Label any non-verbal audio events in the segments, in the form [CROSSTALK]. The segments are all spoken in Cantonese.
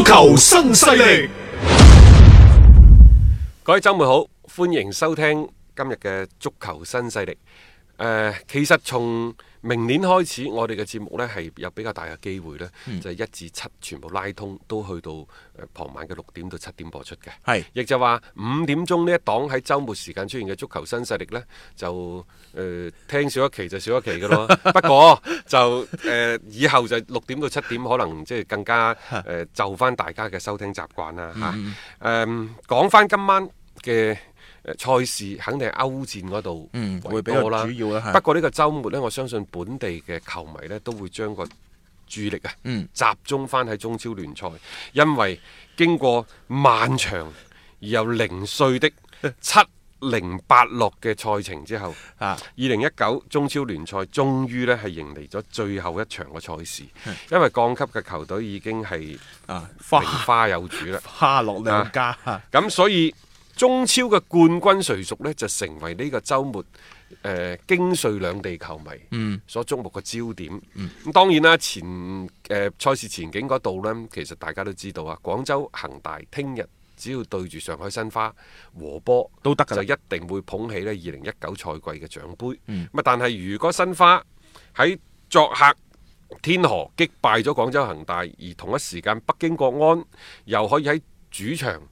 足球新勢力，各位周末好，歡迎收聽今日嘅足球新勢力。誒，其實從～明年開始，我哋嘅節目呢係有比較大嘅機會呢、嗯、就一至七全部拉通，都去到、呃、傍晚嘅六點到七點播出嘅。係是，亦就話五點鐘呢一檔喺週末時間出現嘅足球新勢力呢，就誒、呃、聽少一期就少一期嘅咯。 [LAUGHS] 不過就誒、呃、以後就六點到七點可能即係更加誒、呃、就返大家嘅收聽習慣啦嚇。誒講返今晚嘅。誒，賽事肯定係歐戰嗰度會俾我啦。嗯、不過呢個周末呢，我相信本地嘅球迷呢，都會將個注意力啊，嗯、集中翻喺中超聯賽，因為經過漫長而又零碎的七零八落嘅賽程之後，啊，二零一九中超聯賽終於呢係迎嚟咗最後一場嘅賽事，啊、因為降級嘅球隊已經係啊花花有主啦、啊，花落兩家。咁、啊、所以中超嘅冠軍誰屬呢，就成為呢個週末誒、呃、京穗兩地球迷所矚目嘅焦點。咁、嗯、當然啦，前誒、呃、賽事前景嗰度呢，其實大家都知道啊。廣州恒大聽日只要對住上海申花和波，都得㗎，就一定會捧起呢二零一九賽季嘅獎杯。咁、嗯、但係如果申花喺作客天河擊敗咗廣州恒大，而同一時間北京國安又可以喺主場，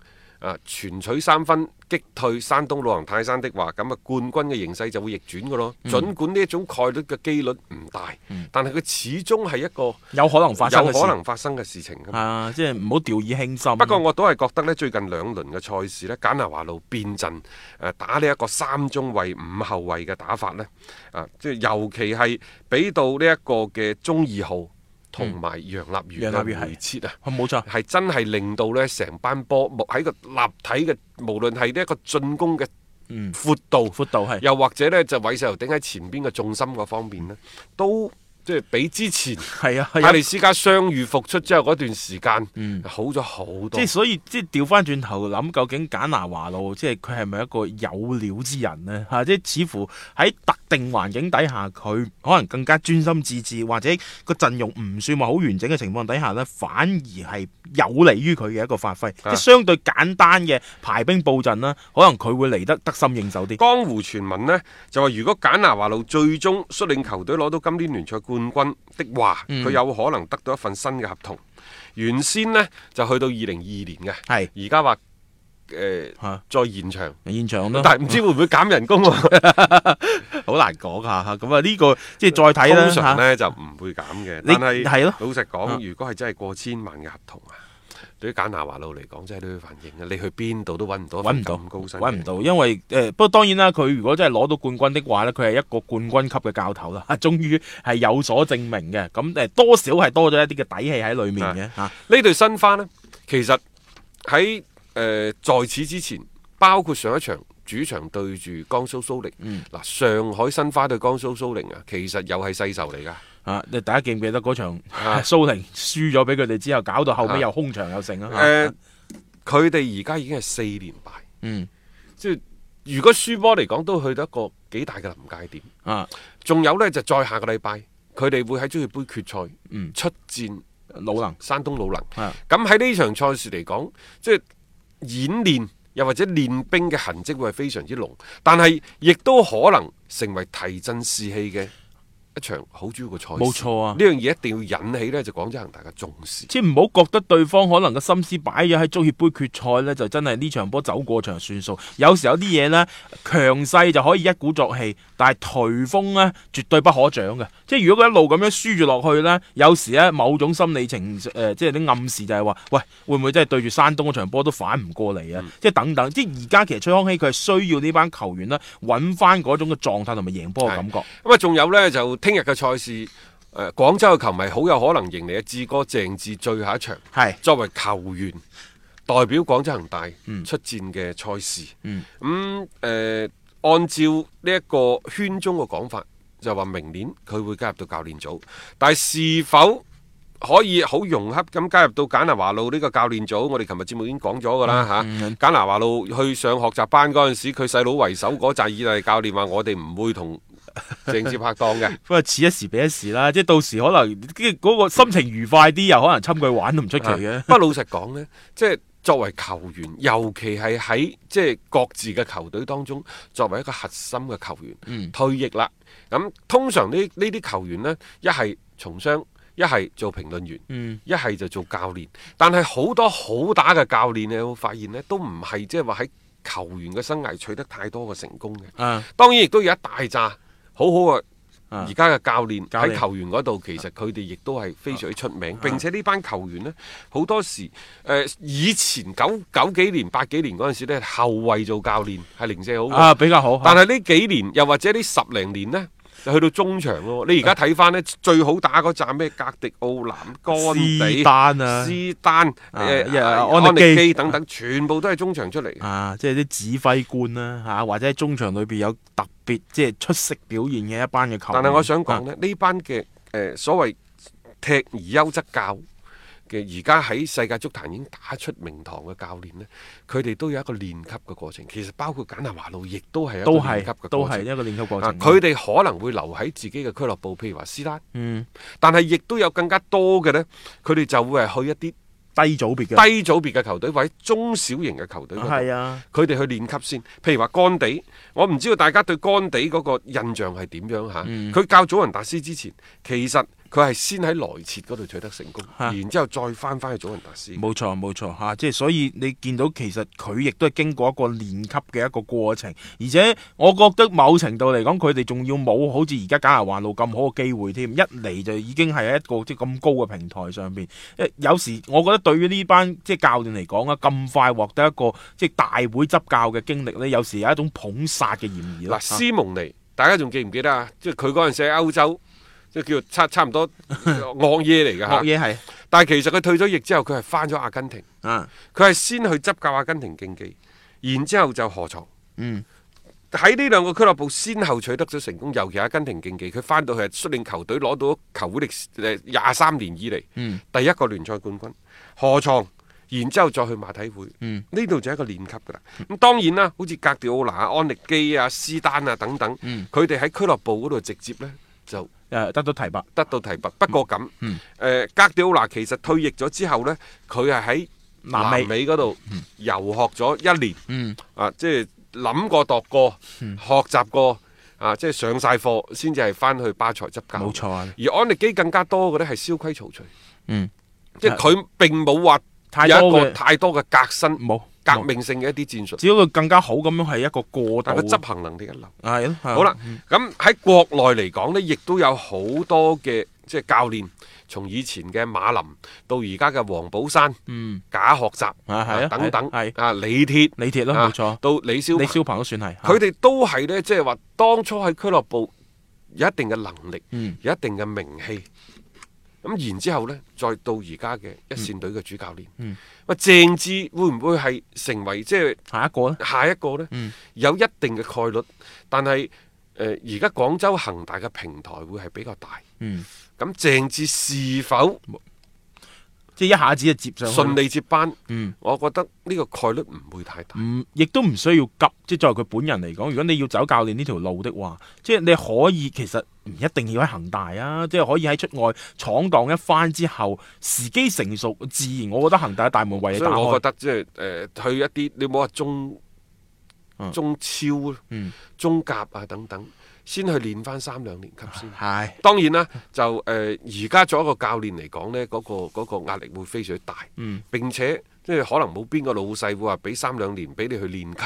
啊！全取三分，擊退山東魯行泰山的話，咁啊冠軍嘅形勢就會逆轉嘅咯。嗯、儘管呢一種概率嘅機率唔大，嗯、但係佢始終係一個有可能發生嘅事，嗯、有可能發生嘅事情。啊，即係唔好掉以輕心。不過我都係覺得呢，最近兩輪嘅賽事呢，簡拿華路變陣，誒、啊、打呢一個三中衞五後衞嘅打法呢啊即係尤其係俾到呢一個嘅中二號。同埋、嗯、楊立瑜，立瑜回撤啊，冇、啊、錯，係真係令到咧成班波喺個立體嘅，無論係呢一個進攻嘅闊度，嗯、闊度係，又或者咧就韋世豪頂喺前邊嘅重心個方面咧，都即係、就是、比之前係啊，泰利斯加傷愈復出之後嗰段時間、嗯、好咗好多。嗯、即係所以，即係調翻轉頭諗，究竟簡拿華路即係佢係咪一個有料之人呢？嚇、啊，即係似乎喺特定環境底下，佢可能更加專心致志，或者個陣容唔算話好完整嘅情況底下呢，反而係有利於佢嘅一個發揮，啊、即係相對簡單嘅排兵布陣啦，可能佢會嚟得，得得心應手啲。江湖傳聞呢就話如果簡拿華路最終率領球隊攞到今年聯賽冠軍的話，佢、嗯、有可能得到一份新嘅合同。原先呢就去到二零二二年嘅，係而家話。誒、呃，再延長，延長咯，但係唔知會唔會減人工啊？好呵難講吓，咁啊呢個即係再睇啦吓。通常咧就唔會減嘅，呃、但係係咯，老實講，是如果係真係過千萬嘅合同啊，對於簡拿華路嚟講，真係都要反映啊！你去邊度都搵唔到，到，搵唔 vegetation 到咁高薪，搵唔到。因為誒、呃，不過當然啦，佢如果真係攞到冠軍的話咧，佢係一個冠軍級嘅教頭啦、啊，終於係有所證明嘅。咁誒，多少係多咗一啲嘅底氣喺裏面嘅吓。呢隊是新花呢，其實喺。誒，在此之前，包括上一場主場對住江蘇蘇寧，嗱，上海申花對江蘇蘇寧啊，其實又係世仇嚟噶。啊，你大家記唔記得嗰場蘇寧輸咗俾佢哋之後，搞到後尾又空場又成啊？佢哋而家已經係四連敗，嗯，即係如果輸波嚟講，都去到一個幾大嘅臨界點啊。仲有呢，就再下個禮拜，佢哋會喺中意杯決賽，出戰魯能、山東魯能。係咁喺呢場賽事嚟講，即係。演練又或者練兵嘅痕跡會係非常之濃，但係亦都可能成為提振士氣嘅一場好主要嘅賽事，冇錯啊！呢樣嘢一定要引起咧就廣州恒大嘅重視。即係唔好覺得對方可能個心思擺咗喺足協杯決賽咧，就真係呢場波走過場算數。有時候有啲嘢呢，強勢就可以一鼓作氣，但係頹風呢，絕對不可長嘅。即係如果佢一路咁樣輸住落去呢，有時呢，某種心理情誒，即係啲暗示就係話：喂，會唔會真係對住山東嗰場波都反唔過嚟啊？嗯、即係等等。即係而家其實崔康熙佢係需要呢班球員呢，揾翻嗰種嘅狀態同埋贏波嘅感覺。咁啊，仲有呢？就。聽日嘅賽事，誒、呃，廣州嘅球迷好有可能迎嚟嘅志哥鄭智最後一場，係是作為球員代表廣州恒大出戰嘅賽事。咁誒、嗯嗯呃，按照呢一個圈中嘅講法，就話明年佢會加入到教練組，但係是，是否可以好融洽咁加入到簡拿華路呢個教練組？我哋琴日節目已經講咗噶啦吓，簡拿華路去上學習班嗰陣時，佢細佬為首嗰陣以嚟教練話我哋唔會同。直接拍檔嘅，不過似一時比一時啦，即係到時可能即嗰個心情愉快啲，又可能侵佢玩都唔出奇嘅、嗯。不過老實講呢，即係作為球員，尤其係喺即係各自嘅球隊當中，作為一個核心嘅球員，嗯、退役啦。咁、嗯、通常呢呢啲球員呢，一係從商，一係做評論員，嗯、一係就做教練。但係好多好打嘅教練，你有冇發現呢都唔係即係話喺球員嘅生涯取得太多嘅成功嘅。啊，嗯、當然亦都有一大扎。好好啊！而家嘅教練，喺教練、球員嗰度，其實佢哋亦都係非常之出名。啊、並且呢班球員呢，好多時誒、呃、以前九九幾年、八幾年嗰陣時咧，後衞做教練係零舍好、啊、比較好。但係呢幾年，又或者呢十零年呢。去到中場咯，你而家睇翻咧最好打嗰站咩格迪奧南、甘丹啊、斯丹、誒、啊啊、安迪基、啊、等等，全部都係中場出嚟啊！即係啲指揮官啦、啊，嚇、啊、或者喺中場裏邊有特別即係出色表現嘅一班嘅球。但係我想講咧，呢、啊、班嘅誒、呃、所謂踢而優則教。嘅而家喺世界足壇已經打出名堂嘅教練呢，佢哋都有一個練級嘅過程。其實包括簡拿華路，亦都係一個練級嘅過程，佢哋、啊、可能會留喺自己嘅俱樂部，譬如話施丹，嗯、但係亦都有更加多嘅呢。佢哋就會係去一啲低組別嘅低組別嘅球隊，或者中小型嘅球隊，佢哋、啊啊、去練級先。譬如話干地，我唔知道大家對干地嗰個印象係點樣嚇。佢、啊嗯、教祖雲達斯之前，其實。.佢係先喺萊切嗰度取得成功，啊、然之後再翻翻去祖雲達斯。冇錯，冇錯，吓、啊，即、就、係、是、所以你見到其實佢亦都係經過一個練級嘅一個過程，而且我覺得某程度嚟講，佢哋仲要冇好似而家假牙環路咁好嘅機會添，一嚟就已經係一個即係咁高嘅平台上邊，有時我覺得對於呢班即係教練嚟講啊，咁快獲得一個即係、就是、大會執教嘅經歷呢，有時有一種捧殺嘅嫌疑啦。啊、斯蒙尼，啊、大家仲記唔記得啊？即係佢嗰陣時喺歐洲。都叫差差唔多昂耶嚟嘅嚇，昂耶係。但係其實佢退咗役之後，佢係翻咗阿根廷。嗯，佢係先去執教阿根廷競技，然之後就河床。嗯，喺呢兩個俱樂部先後取得咗成功，尤其阿根廷競技，佢翻到去係率領球隊攞到球會歷誒廿三年以嚟第一個聯賽冠軍、河床，然之後再去馬體會。呢度就係一個練級㗎啦。咁當然啦，好似格迪奧拿、安力基啊、斯丹啊等等，佢哋喺俱樂部嗰度直接咧就。誒，得到提拔，得到提拔。嗯、不過咁，誒、呃，格迪奧拿其實退役咗之後咧，佢係喺南美嗰度遊學咗一年，嗯、啊，即係諗過、度過，嗯、學習過，啊，即係上晒課，先至係翻去巴塞執教。冇錯、啊。而安利基更加多嘅咧，係蕭規曹隨，嗯，即係是佢是並冇話有，有一個太多嘅革新。冇。革命性嘅一啲戰術，只不過更加好咁樣係一個過渡，但係佢執行能力一流，係咯，好啦，咁喺國內嚟講呢，亦都有好多嘅即係教練，從以前嘅馬林到而家嘅王寶山，嗯，假學習等等，係啊李鐵李鐵啦冇錯，到李霄李霄鵬都算係，佢哋都係呢，即係話當初喺俱樂部有一定嘅能力，有一定嘅名氣。咁然之後呢，再到而家嘅一線隊嘅主教練。嗯，喂，鄭智會唔會係成為即係下一個咧？就是、下一個呢，有一定嘅概率，但係誒，而家廣州恒大嘅平台會係比較大。嗯，咁鄭智是否？即係一下子就接上，順利接班。嗯，我覺得呢個概率唔會太大。嗯、亦都唔需要急。即係作為佢本人嚟講，如果你要走教練呢條路的話，即係你可以其實唔一定要喺恒大啊，即係可以喺出外闖蕩一番之後，時機成熟自然。我覺得恒大大門為你打開。所以，我覺得即係誒、呃、去一啲你冇話中中超、嗯、中甲啊等等。先去練翻三兩年級先，係，當然啦，就誒而家做一個教練嚟講咧，嗰個嗰個壓力會非常大，嗯，並且即係可能冇邊個老細會話俾三兩年俾你去練級，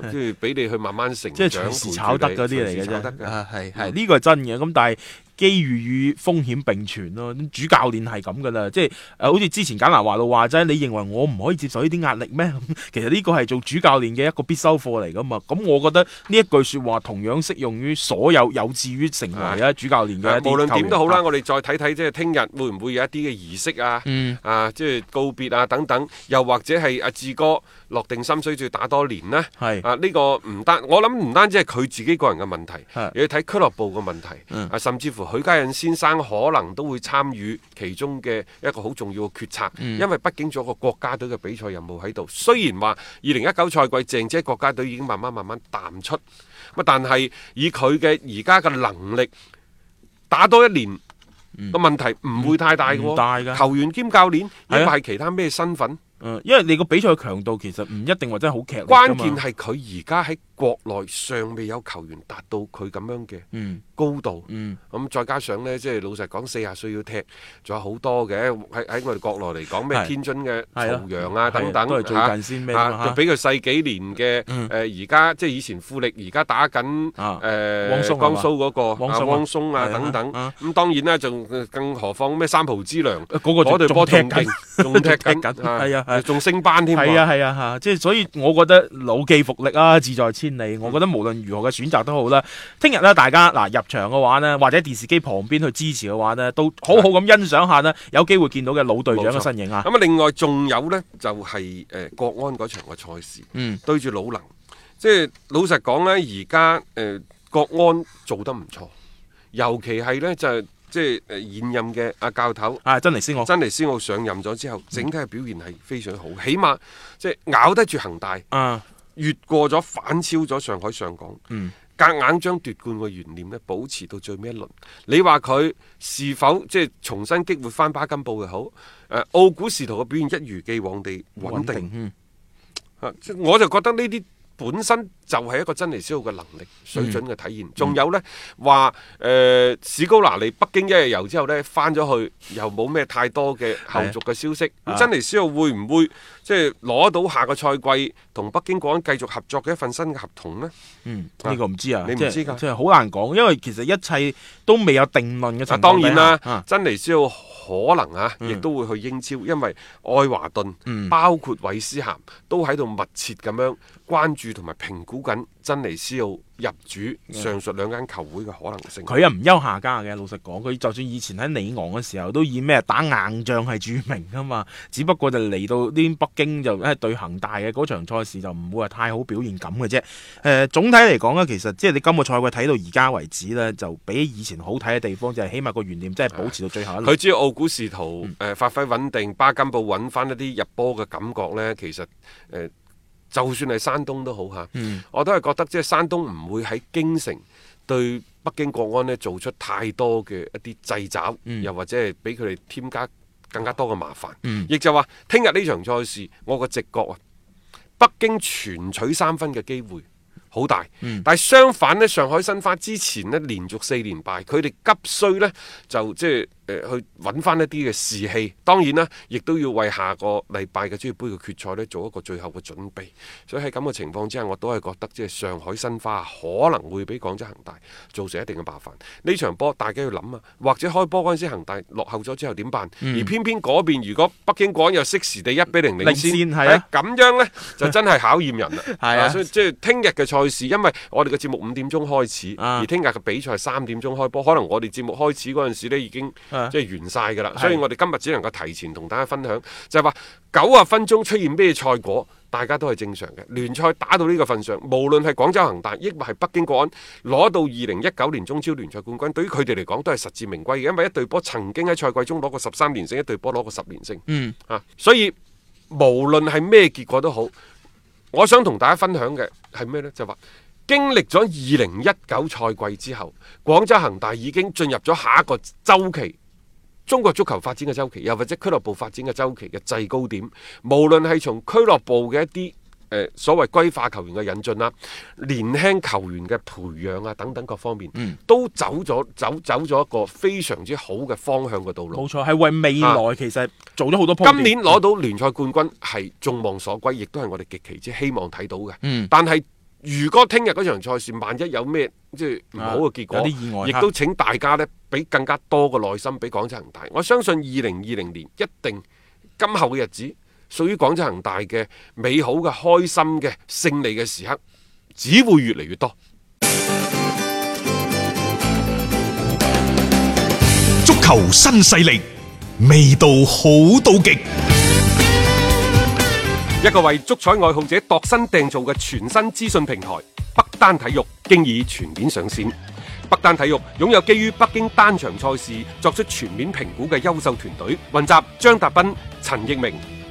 跟住俾你去慢慢成長。即係隨時炒得嘅，啲嚟嘅，隨時炒得嘅，係呢個係真嘅，咁但係。機遇與風險並存咯，主教練係咁噶啦，即係好似之前簡南華都話齋，你認為我唔可以接受呢啲壓力咩？其實呢個係做主教練嘅一個必修課嚟噶嘛。咁我覺得呢一句說話同樣適用於所有有志於成為啊主教練嘅、哎。無論點都好啦，我哋再睇睇，即係聽日會唔會有一啲嘅儀式啊？嗯、啊，即係告別啊等等，又或者係阿志哥落定心水，再打多年呢？是啊，呢、這個唔單我諗唔單止係佢自己個人嘅問題，是要睇俱樂部嘅問題，啊、嗯，甚至乎。許家印先生可能都會參與其中嘅一個好重要嘅決策，嗯、因為畢竟仲有個國家隊嘅比賽任務喺度。雖然話二零一九賽季鄭姐國家隊已經慢慢慢慢淡出，咁但係以佢嘅而家嘅能力，打多一年個、嗯、問題唔會太大嘅，嗯、大嘅球員兼教練亦係其他咩身份、嗯？因為你個比賽強度其實唔一定話真係好強，關鍵係佢而家喺。國內尚未有球員達到佢咁樣嘅高度，咁再加上呢，即係老實講，四十歲要踢，仲有好多嘅喺喺我哋國內嚟講，咩天津嘅曹陽啊等等，都係最近先咩？就比佢細幾年嘅誒，而家即係以前富力，而家打緊誒江蘇嗰個汪松啊等等。咁當然啦，仲更何況咩三浦知良，嗰對波踢緊，仲踢踢緊，係啊，仲升班添，係啊係啊即係所以，我覺得老驥伏櫪啊，志在千。我覺得無論如何嘅選擇都好啦。聽日咧，大家嗱入場嘅話呢，或者電視機旁邊去支持嘅話呢，都好好咁欣賞下呢，有機會見到嘅老隊長嘅身影啊。咁啊，另外仲有呢，就係、是、誒、呃、國安嗰場嘅賽事，嗯，對住魯能，即、就、係、是、老實講呢，而家誒國安做得唔錯，尤其係呢，就係即係誒現任嘅阿教頭啊，真尼斯奧，真尼斯奧上任咗之後，整體嘅表現係非常好，嗯、起碼即係咬得住恆大啊。嗯越過咗反超咗上海上港，隔、嗯、硬將奪冠嘅懸念咧保持到最屘一輪。你話佢是否即係重新激活翻巴坎布嘅好？誒、呃，奧古斯圖嘅表現一如既往地穩定。嗯， [COUGHS] [COUGHS] [COUGHS] 我就覺得呢啲本身。就係一個真尼斯奧嘅能力水準嘅體現。仲、嗯、有呢話誒、呃、史高拿，嚟北京一日遊之後呢，翻咗去，又冇咩太多嘅後續嘅消息。咁、啊、真尼斯奧會唔會即係攞到下個賽季同北京國安繼續合作嘅一份新嘅合同呢？嗯，呢個唔知啊，知啊你唔知㗎、啊，即係好難講，因為其實一切都未有定論嘅情、啊、當然啦，啊、真尼斯奧可能啊，亦、嗯、都會去英超，因為愛華頓包括韋斯咸、嗯、都喺度密切咁樣關注同埋評估。緊真尼斯奧入主上述兩間球會嘅可能性，佢又唔休下家嘅。老實講，佢就算以前喺里昂嘅時候，都以咩打硬仗係著名噶嘛。只不過就嚟到呢邊北京就誒對恆大嘅嗰場賽事就唔會話太好表現咁嘅啫。誒、呃，總體嚟講呢，其實即係你今個賽季睇到而家為止呢，就比起以前好睇嘅地方就係起碼個懸念真係保持到最後一輪。佢只要奧古斯圖誒、嗯、呃、發揮穩定，巴金布揾翻一啲入波嘅感覺呢，其實誒。呃就算係山東都好吓，嗯、我都係覺得即係山東唔會喺京城對北京國安咧做出太多嘅一啲掣肘，嗯、又或者係俾佢哋添加更加多嘅麻煩。亦、嗯、就話聽日呢場賽事，我個直覺啊，北京全取三分嘅機會，好大，但係相反咧，上海申花之前咧連續四連敗，佢哋急需咧就即係誒去揾翻一啲嘅士氣，當然啦，亦都要為下個禮拜嘅中超杯嘅決賽咧做一個最後嘅準備。所以喺咁嘅情況之下，我都係覺得即係上海申花可能會俾廣州恒大造成一定嘅麻煩。呢場波大家要諗啊，或者開波陣時恒大落後咗之後點辦，嗯、而偏偏嗰邊如果北京國安又適時地一比零領先，係咁、啊啊、樣咧就真係考驗人啦。係 [LAUGHS] 啊所，所以即係聽日嘅賽。因為我哋嘅節目五點鐘開始，啊、而聽日嘅比賽三點鐘開波，可能我哋節目開始嗰陣時咧已經即係完晒噶啦，啊、所以我哋今日只能夠提前同大家分享，是的 就係話九十分鐘出現咩賽果，大家都係正常嘅。聯賽打到呢個份上，無論係廣州恒大，亦或係北京國安攞到二零一九年中超聯賽冠軍，對於佢哋嚟講都係實至名歸嘅，因為一隊波曾經喺賽季中攞過十三連勝，一隊波攞過十連勝，嗯啊，所以無論係咩結果都好。我想同大家分享嘅係咩呢？就係話，經歷咗二零一九賽季之後，廣州恒大已經進入咗下一個周期，中國足球發展嘅周期，又或者俱樂部發展嘅周期嘅制高點。無論係從俱樂部嘅一啲。誒，所謂歸化球員嘅引進啦，年輕球員嘅培養啊，等等各方面，嗯、都走咗走走咗一個非常之好嘅方向嘅道路。冇錯，係為未來其實做咗好多、啊。今年攞到聯賽冠軍係眾望所歸，亦都係我哋極其之希望睇到嘅。嗯、但係如果聽日嗰場賽事，萬一有咩即係唔好嘅結果，有啲意外，亦、啊、都請大家呢，俾更加多嘅耐心俾廣州恒大。我相信二零二零年一定今後嘅日子。屬於廣州恒大嘅美好嘅開心嘅勝利嘅時刻，只會越嚟越多。足球新勢力，味道好到極，一個為足彩愛好者度身訂造嘅全新資訊平台，北單體育，經已全面上線。北單體育擁有基於北京單場賽事作出全面評估嘅優秀團隊，雲集張達斌、陳奕明。